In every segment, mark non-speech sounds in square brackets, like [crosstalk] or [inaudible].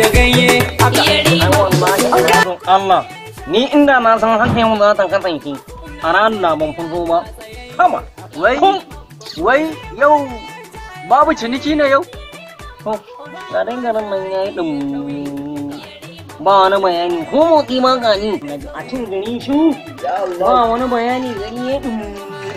da ganye Allah ni inda na san haka yau za ta kasance a ranar na ban fito ba kama wai wai yau babu ciniki ne yau to ga dangan nan ya yi dum ba wani bayani ko motsi ma gani a cin gari shu ba wani bayani gari ya dum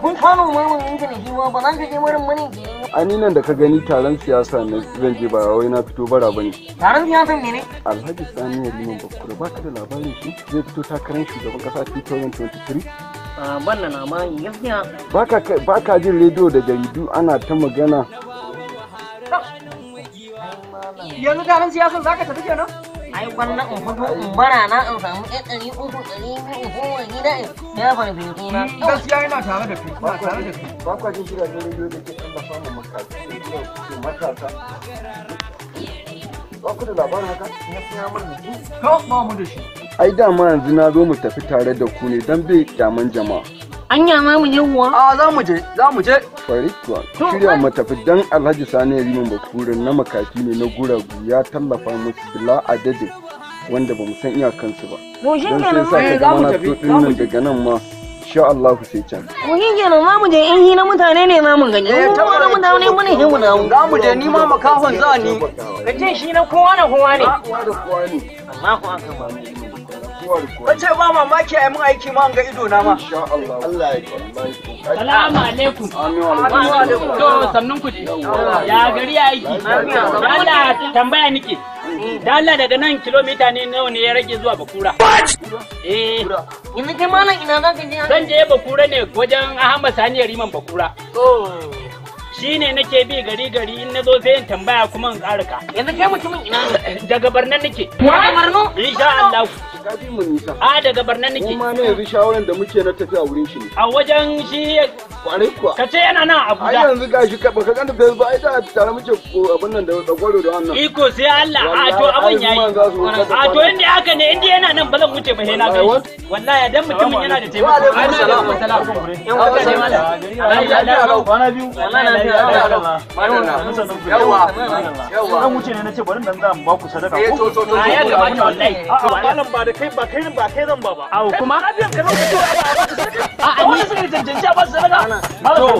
kun kano murmun inda na ma ba zan je marin mani ke ani nan da ka gani taron siyasa ne zan je ba wai na fito bara bane taron siyasa ne ne alhaji sani ya liman bakura ba ka da labarin shi zai fito takarar shugaban kasa 2023 ban na ma gaskiya ba ka jin rediyo da jaridu ana ta magana yanzu taron siyasan ka tafi kenan ai wannan, in fito in bara na in samu ɗan yi uku ɗari biyu in koma gida ya fara na. gaskiya yana tare da kai tare da kai. ba kwa jin gidajen ke tallafa ma matasa ba ku da labarin haka ya fi yamar da su. ba mu da ai dama yanzu na zo mu tafi tare da ku ne don bai kyaman jama'a. Anya ma mu je huwa? A ah, za mu je, za mu je. Fari kuwa, shirya matafi dan Alhaji Sani Riman Bakuri na makafi ne na guragu ya tallafa musu bila adadin wanda ba mu san iyakansu ba. Don sai sa ka ga eh, mana fito nan daga nan ma. Insha Allah sai can. Mu yi kenan za mu je in hina mutane ne za mu gani. Eh ta wani mu ne mu ne hin mu Za mu je ni ma makafan za ni. Ka ce shi na kowa na kowa ne. Kowa da kowa ne. Allahu akbar. Wace ba mamaki a yi mun aiki ma an ga ido na ma. Allah. Allah ya Salamu alaikum. Amin wa alaikum. To sannun ku Ya gari ya aiki. Allah tambaya nike. Mm. Dala daga nan kilomita ne nawa ne ya rage zuwa Bakura. Eh. Yanzu kai malam ina za ka je? Zan je Bakura ne wajen Ahmad Sani Riman Bakura. Oh. shine nake bi gari gari in na zo sai in tambaya kuma in ka. yanzu kai mutumin ina ne daga barnan nake daga barno insha Allah ka bi mu nisa a ah, daga barnan nake kuma ne yanzu shawaran da muke na tafiya wurin shi ne a wajen shi kwarai kuwa ka ce yana nan abuja ai yanzu gashi ka baka ganta da ba ai da tare muke abin nan da da wannan iko sai Allah a to abin yayi a to inda haka ne inda yana nan ba zan wuce ba hena kai wallahi dan mutumin yana da taimako wa alaikum salam yan wata ne mallam Allah kwana biyu wallahi yawa yawa zan wuce ne nace bari dan zan ba ku sadaka ko to to to ya gaba malam ba da kai ba kai ba kai zan ba ba au kuma ka zo ka to ba wanda suka a basu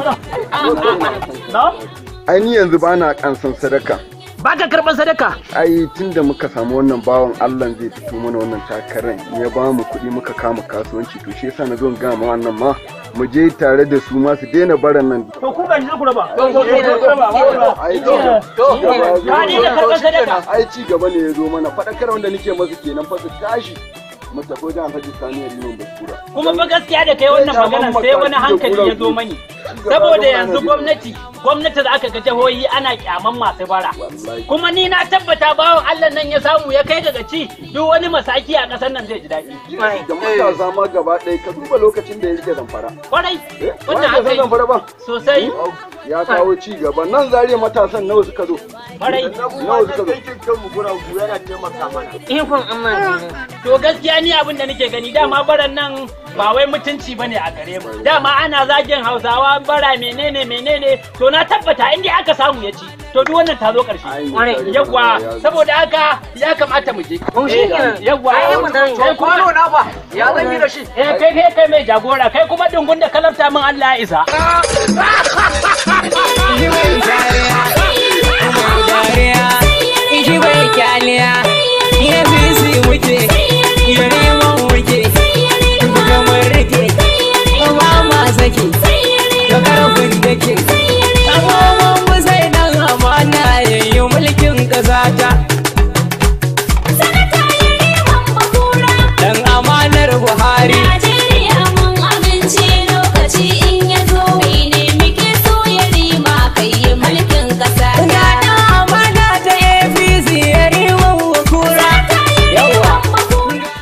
sadaka ai ni yanzu ba na kansan sadaka ba ka karɓar sadaka ai tun da muka samu wannan bawan allah zai fito mana wannan takarar ya ba mu kuɗi muka kama kasuwanci to shi yasa na zo gama wannan ma mu je tare da su ma su daina baran nan to ku To ku raba ai ci gaba ne ya zo mana faɗakar wanda nake masu kenan fa su tashi Kuma fa gaskiya da kai wannan magana sai wani hankali ya zo mani. Saboda yanzu gwamnati gwamnati da ka ga jihohi ana kyaman masu bara. Kuma ni na tabbata bawan Allah nan ya samu ya kai daga ci duk wani masaki a ƙasar nan zai ji daɗi. Da matasa ma gaba ɗaya ka duba lokacin da ya rike zamfara. Kwarai. Eh? Wannan haka yi. Sosai. ya kawo ci gaba nan zare matasan nawa suka zo nawa suka zo kun amma to gaskiya ni abin da nake gani dama baran nan ba wai mutunci bane a gare mu dama ana zagin hausawa bara menene menene to na tabbata inda aka samu ya ci to duk wannan ta zo karshe yawwa saboda haka ya kamata mu je eh, yawwa ai kwano na ba ya zan yi da shi eh kai kai mai jagora kai kuma dungun da kalarta min Allah ya isa [laughs] ya.